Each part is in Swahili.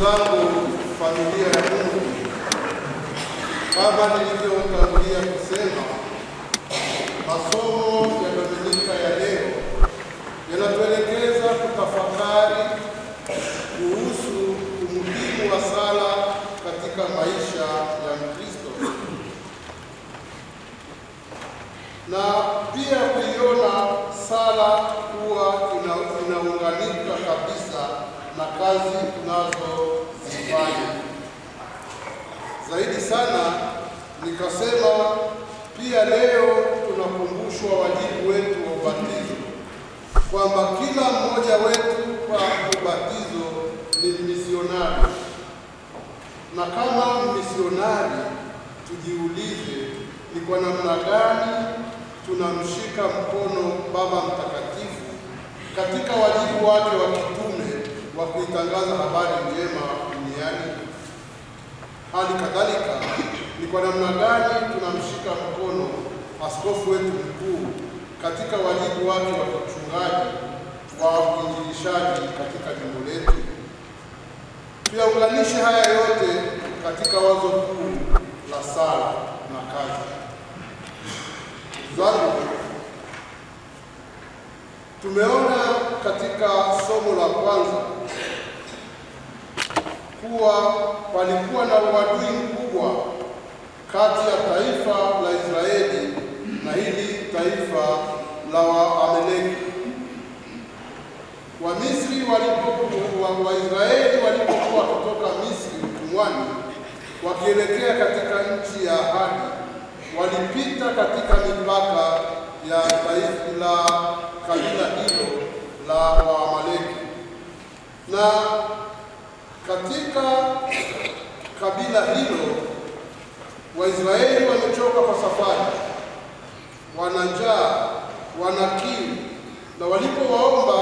zangu familia ya Mungu, kama nilivyotangulia kusema, masomo ya Dominika ya leo yanatuelekeza kutafakari kuhusu umuhimu wa sala katika maisha ya Mkristo na pia kuiona sala kuwa inaunganika kabisa na kazi tunazo tufanye zaidi sana. Nikasema pia leo tunakumbushwa wajibu wetu wa ubatizo, kwamba kila mmoja wetu kwa ubatizo ni misionari, na kama misionari tujiulize ni kwa namna gani tunamshika mkono Baba Mtakatifu katika wajibu wake wa kitume wa kuitangaza habari njema duniani? Hali kadhalika ni kwa namna gani tunamshika mkono askofu wetu mkuu katika wajibu wake wa kichungaji wa uinjilishaji katika jimbo letu? Tuyaunganishe haya yote katika wazo kuu la sala na kazi. Zangu, tumeona katika somo la kwanza kuwa palikuwa na uadui mkubwa kati ya taifa la Israeli na hili taifa la Waamaleki. Wamisri walipokuwa Waisraeli walipokuwa kutoka Misri utumwani wakielekea katika nchi ya ahadi, walipita katika mipaka ya taifa la kabila hilo la Waamaleki na katika kabila hilo Waisraeli wamechoka kwa safari, wana njaa, wana kiu, na walipowaomba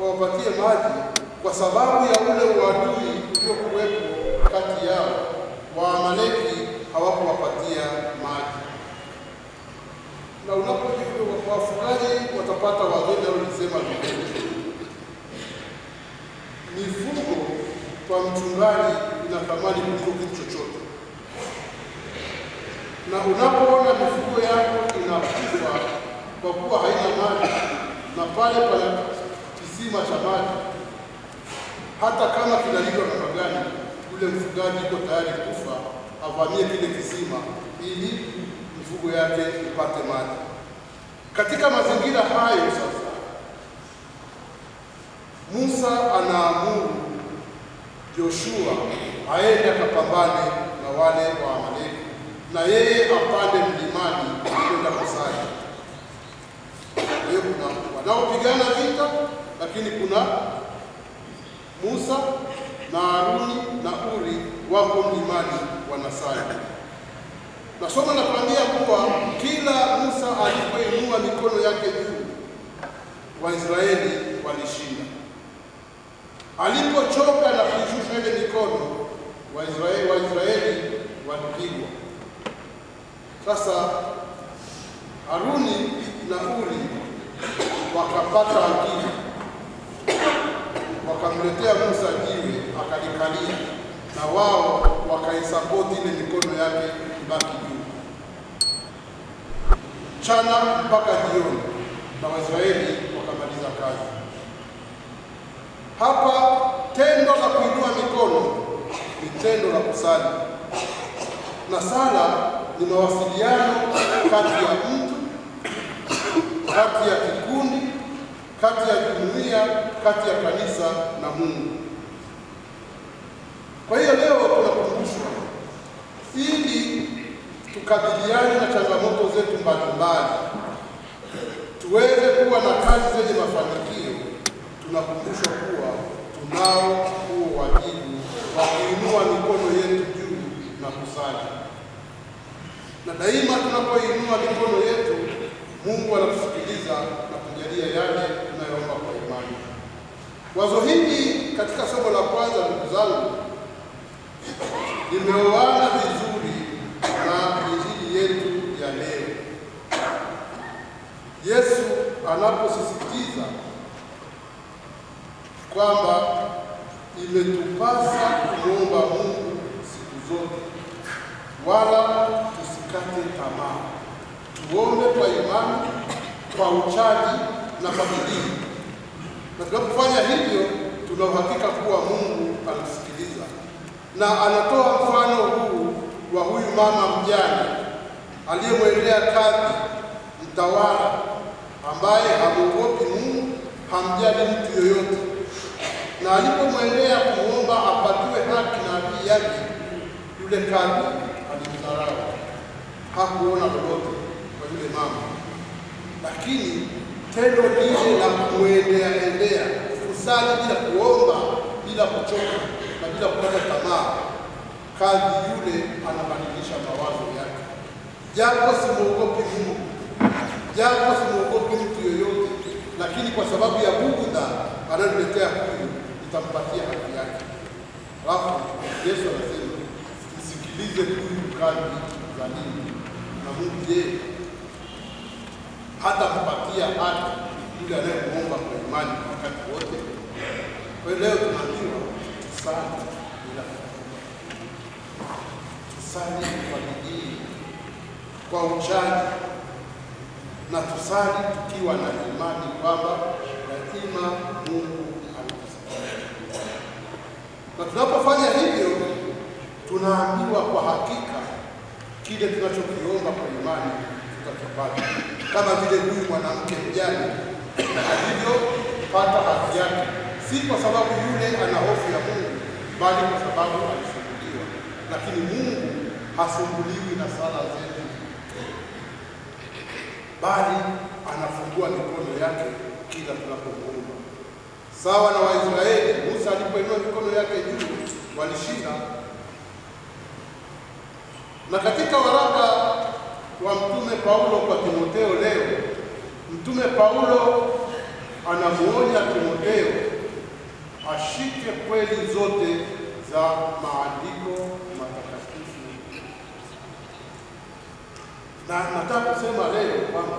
wawapatie maji, kwa sababu ya ule uadui uliokuwepo kati yao, Waamaleki hawakuwapatia maji. Na unapojiwa wafugaji watapata wadhoni, alisema lisema mchungaji ina thamani kuliko kitu chochote, na unapoona mifugo yako inakufa kwa kuwa haina maji na pale pana kisima cha maji, hata kama kinalindwa namna gani, yule mfugaji yuko tayari kufa avamie kile kisima ili mifugo yake ipate maji. Katika mazingira hayo sasa, Musa anaamuru Joshua aende akapambane na wale wa Amaleki, na yeye apande mlimani kwenda kusali. Kwa hiyo kuna wanaopigana vita, lakini kuna Musa na Haruni na Uri wako mlimani wanasali. Na somo nakwambia kuwa kila Musa alipoinua mikono yake juu, Waisraeli walishinda. Alipochoka na kuishusha ile mikono, Waisraeli Waisraeli walipigwa. Sasa Haruni na Uri wakapata akili, wakamletea Musa jiwe akalikalia, na wao wakaisapoti ile mikono yake ibaki juu chana mpaka jioni, na Waisraeli wakamaliza kazi. Hapa tendo la kuinua mikono ni tendo la kusali, na sala ni mawasiliano kati ya mtu, kati ya kikundi, kati ya jumuiya, kati ya kanisa na Mungu. Kwa hiyo leo tunakumbushwa ili tukabiliane na changamoto zetu mbalimbali, tuweze kuwa na kazi zenye mafanikio tunakumbushwa kuwa tunao huo wajibu wa kuinua mikono yetu juu na kusali, na daima tunapoinua mikono yetu Mungu anatusikiliza na kujalia yale tunayoomba kwa imani. Wazo hili katika somo la kwanza, ndugu zangu, limeoana vizuri na Injili yetu ya leo. Yesu anaposisi kwamba imetupasa kumwomba Mungu siku zote, wala tusikate tamaa. Tuombe kwa imani, kwa uchaji na kwa bidii, na tunapofanya hivyo tuna uhakika kuwa Mungu anasikiliza. na anatoa mfano huu wa huyu mama mjane aliyemwendea kadhi mtawala ambaye hamuogopi Mungu, hamjali mtu yoyote na alipomwendea kuomba apatiwe haki na adili yake, yule kadhi alimdharau. Hakuona lolote kwa yule mama, lakini tendo lile la kumwendea endea, kusali bila kuomba, bila kuchoka na bila kupata tamaa, kadhi yule anabadilisha mawazo yake. Japo simwogopi Mungu, japo simwogopi mtu yoyote, lakini kwa sababu ya bugudha ananiletea huyu tutampatia haki yake. Alafu Yesu anasema msikilize huyu mkazi dhalimu, na Mungu je, hatampatia haki yule anayemwomba kwa imani wakati wote? Kwa hiyo leo tunaambiwa tusali bila tusali kwa bidii, kwa uchaji na tusali tukiwa na imani kwamba lazima Mungu na tunapofanya hivyo tunaambiwa kwa hakika kile tunachokiomba kwa imani tutakipata, kama vile huyu mwanamke mjane alivyopata haki yake, si kwa sababu yule ana hofu ya Mungu, bali kwa sababu alisumbuliwa. Lakini Mungu hasumbuliwi na sala zetu, bali anafungua mikono yake kila tunapomuomba, sawa na Waisraeli alipoinua mikono yake juu walishinda. Na katika waraka wa mtume Paulo kwa Timotheo leo, mtume Paulo anamuonya Timotheo ashike kweli zote za maandiko matakatifu, na nataka kusema leo kwamba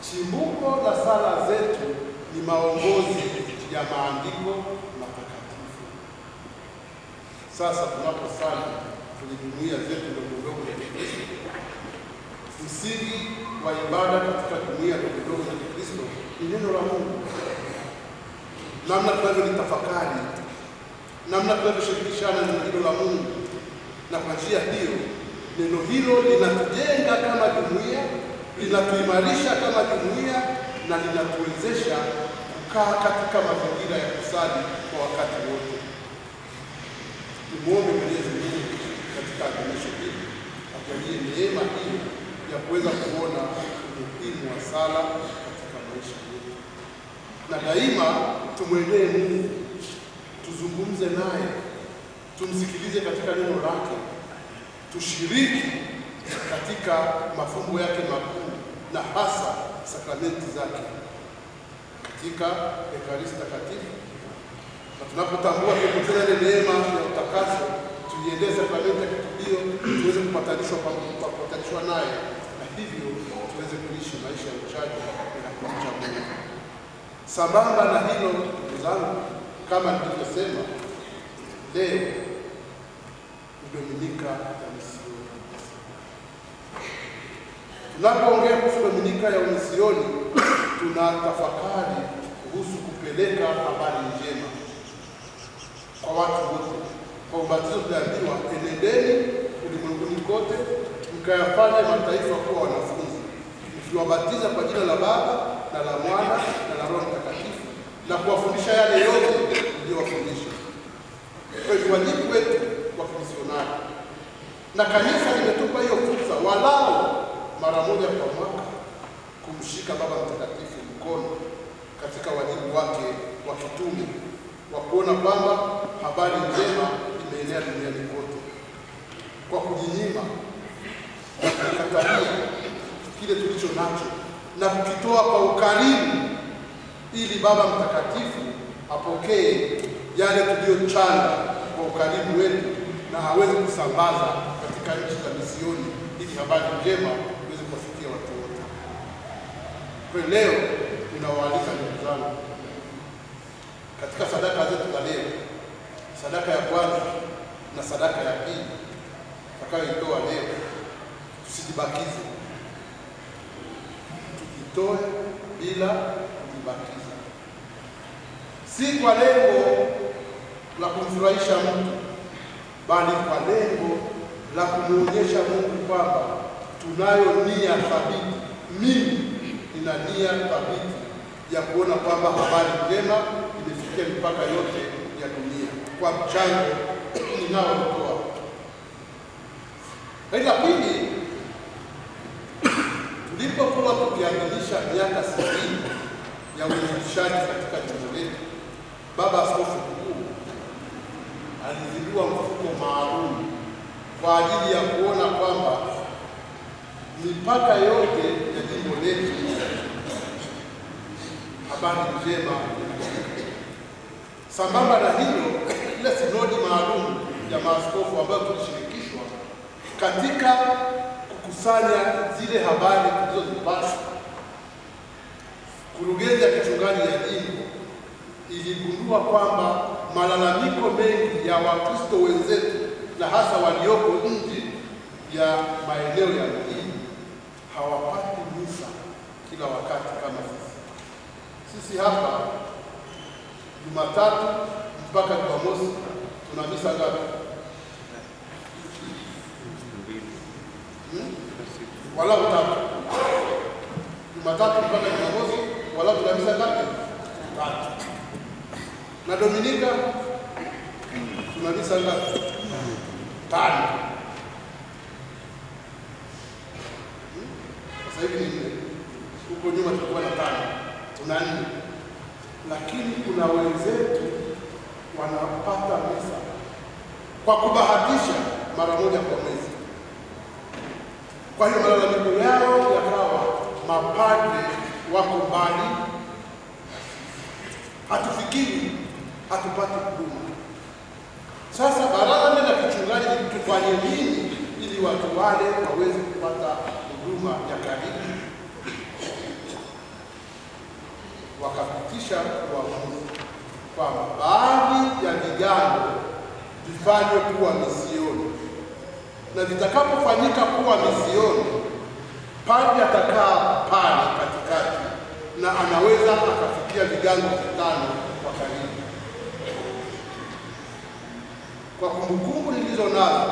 chimbuko la sala zetu ni maongozi ya maandiko sasa tunaposali kwenye jumuiya zetu ndogo ndogo ya Kikristo, msingi wa ibada katika jumuiya ndogo ndogo ya Kikristo ni neno la Mungu, namna tunavyolitafakari, namna tunavyoshirikishana na neno la Mungu. Na kwa njia hiyo neno hilo linatujenga kama jumuiya, linatuimarisha kama jumuiya na linatuwezesha kukaa katika mazingira ya kusali kwa wakati wote. Tumuombe Mwenyezi Mungu katika adhimisho hili atujalie neema hii ya kuweza kuona umuhimu wa sala katika maisha yetu, na daima tumwendee Mungu, tuzungumze naye, tumsikilize katika neno lake, tushiriki katika mafumbo yake makuu na hasa sakramenti zake katika Ekaristi Takatifu na tunapotambua tumepoteza ile neema ya utakaso, tuiendee sakramenti ya kitubio tuweze kupatanishwa naye, na hivyo tuweze kuishi maisha ya uchaji na kumcha Mungu. Sambamba na hilo, ndugu zangu, kama nilivyosema, leo ni Dominika ya Misioni. Tunapoongea kuhusu Dominika ya Misioni, tunatafakari kuhusu kupeleka habari njema kwa watu wote. Kwa ubatizo tuliambiwa, enendeni ulimwenguni kote mkayafanye mataifa kuwa wanafunzi, mkiwabatiza kwa jina la Baba na la Mwana na la Roho Mtakatifu na kuwafundisha yale yote Kwa Ni wajibu wetu wa kimisionari, na kanisa limetupa hiyo fursa walao mara moja kwa mwaka kumshika Baba Mtakatifu mkono katika wajibu wake wa kitume wa kuona kwamba habari njema imeenea duniani kote. Kwa kujinyima na kukatalia kile tulicho nacho na kukitoa kwa ukarimu, ili Baba Mtakatifu apokee yale tuliyochanga kwa ukarimu wetu na aweze kusambaza katika nchi za misioni, ili habari njema iweze kuwafikia watu wote. Kwa leo ninawaalika ndugu zangu katika sadaka zetu za leo sadaka ya kwanza na sadaka ya pili takayoitoa leo, tusijibakize, tujitoe bila kujibakiza, si kwa lengo la kumfurahisha mtu, bali kwa lengo la kumwonyesha Mungu kwamba tunayo nia thabiti. Mimi nina nia thabiti ya kuona kwamba habari njema imefikia mipaka yote ya dunia kwa mchango ninaotoa. Aidha, pili, tulipokuwa kujiadhimisha miaka sitini ya uinjilishaji katika jimbo letu, Baba Askofu Mkuu alizindua mfuko maalum kwa ajili ya kuona kwamba mipaka yote ya jimbo letu habari njema. Sambamba na hilo ile sinodi maalum ya maaskofu ambayo tulishirikishwa katika kukusanya zile habari tulizozipata, kurugenzi ya kichungaji ya jimbo iligundua kwamba malalamiko mengi ya Wakristo wenzetu na hasa walioko nje ya maeneo ya mjini hawapati misa kila wakati kama sisi. Sisi hapa Jumatatu mpaka Jumamosi tuna misa ngapi? Hmm? Walau tatu. Jumatatu mpaka Jumamosi walau tuna misa ngapi? Tatu. Na Dominika tuna misa ngapi? Tano. Hmm? Sasa hivi ni huko nyuma tulikuwa na tano, tuna nne, lakini kuna wenzetu wanapata meza kwa kubahatisha mara moja kwa mwezi. Kwa hiyo malalamiko yao yakawa, mapadre wako mbali, hatufikiri, hatupati huduma. Sasa baraza la kichungaji tufanye nini ili watu wale waweze kupata huduma ya karibu? Wakapitisha uamuzi kwamba baadhi ya vigango vifanywe kuwa misioni, na vitakapofanyika kuwa misioni, padri atakaa pale katikati na anaweza akafikia vigango vitano kwa karibu. Kwa kumbukumbu nilizo nazo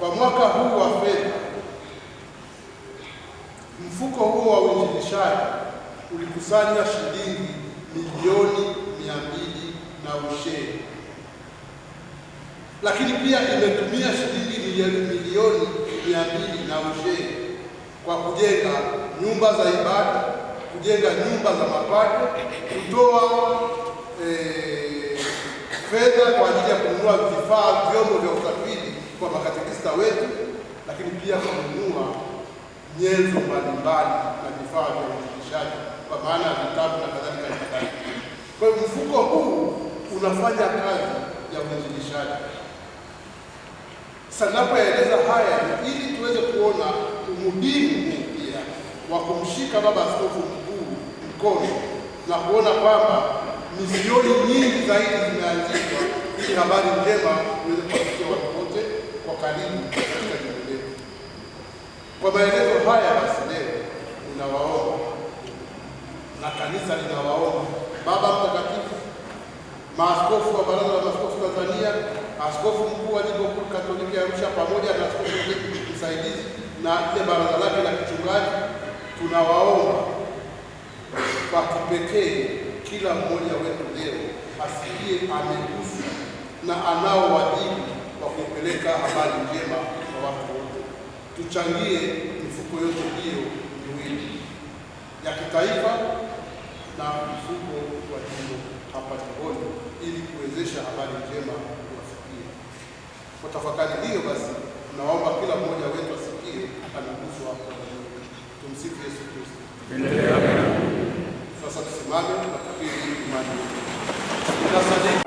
kwa mwaka huu wa fedha, mfuko huo wa uinjilishaji ulikusanya shilingi milioni mia mbili na ushee, lakini pia imetumia shilingi milioni mia mbili na ushee kwa kujenga nyumba za ibada, kujenga nyumba za mapato, kutoa eh, fedha kwa ajili ya kununua vifaa, vyombo vya usafiri kwa makatekista wetu, lakini pia kununua nyenzo mbalimbali na vifaa vya uinjilishaji kwa maana ya vitabu kwa hiyo mfuko huu unafanya kazi ya uinjilishaji. Sanapo yaeleza haya ni ili tuweze kuona umuhimu pia wa kumshika Baba Askofu Mkuu mkono na kuona kwamba misioni nyingi zaidi zimeanzishwa ili habari njema iweze kuwafikia watu wote kwa karibu katika jimbo letu. Kwa maelezo haya basi leo ninawaomba na kanisa linawaomba Baba Mtakatifu, maaskofu wa Baraza la Maaskofu Tanzania, askofu mkuu wa Jimbo Kuu Katoliki ya Arusha pamoja na askofu msaidizi na ile baraza lake la kichungaji, tunawaomba kwa kipekee kila mmoja wetu leo asikie ameguswa na anao wajibu wa kupeleka habari njema kwa watu wote, tuchangie Kwa tafakari hiyo basi, naomba kila mmoja wetu asikie hapo. Tumsifu Yesu Kristo. Sasa tusimame na tukiri imani.